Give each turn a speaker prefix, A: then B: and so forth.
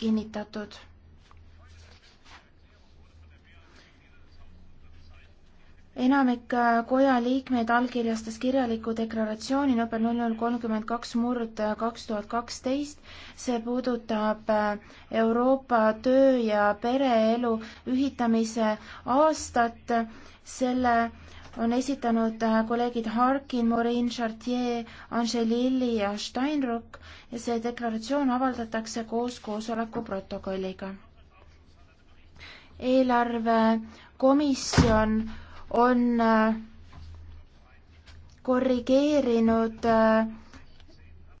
A: kinnitatud. enamik äh, koja liikmeid allkirjastas kirjaliku deklaratsiooni number null null kolmkümmend kaks murd äh, kaks tuhat kaksteist. see puudutab äh, Euroopa töö ja pereelu ühitamise aastat. selle on esitanud äh, kolleegid Harkin, Morin, Chartier, Angelilli ja Steinruck ja see deklaratsioon avaldatakse koos koosoleku protokolliga. eelarvekomisjon on äh, korrigeerinud
B: äh,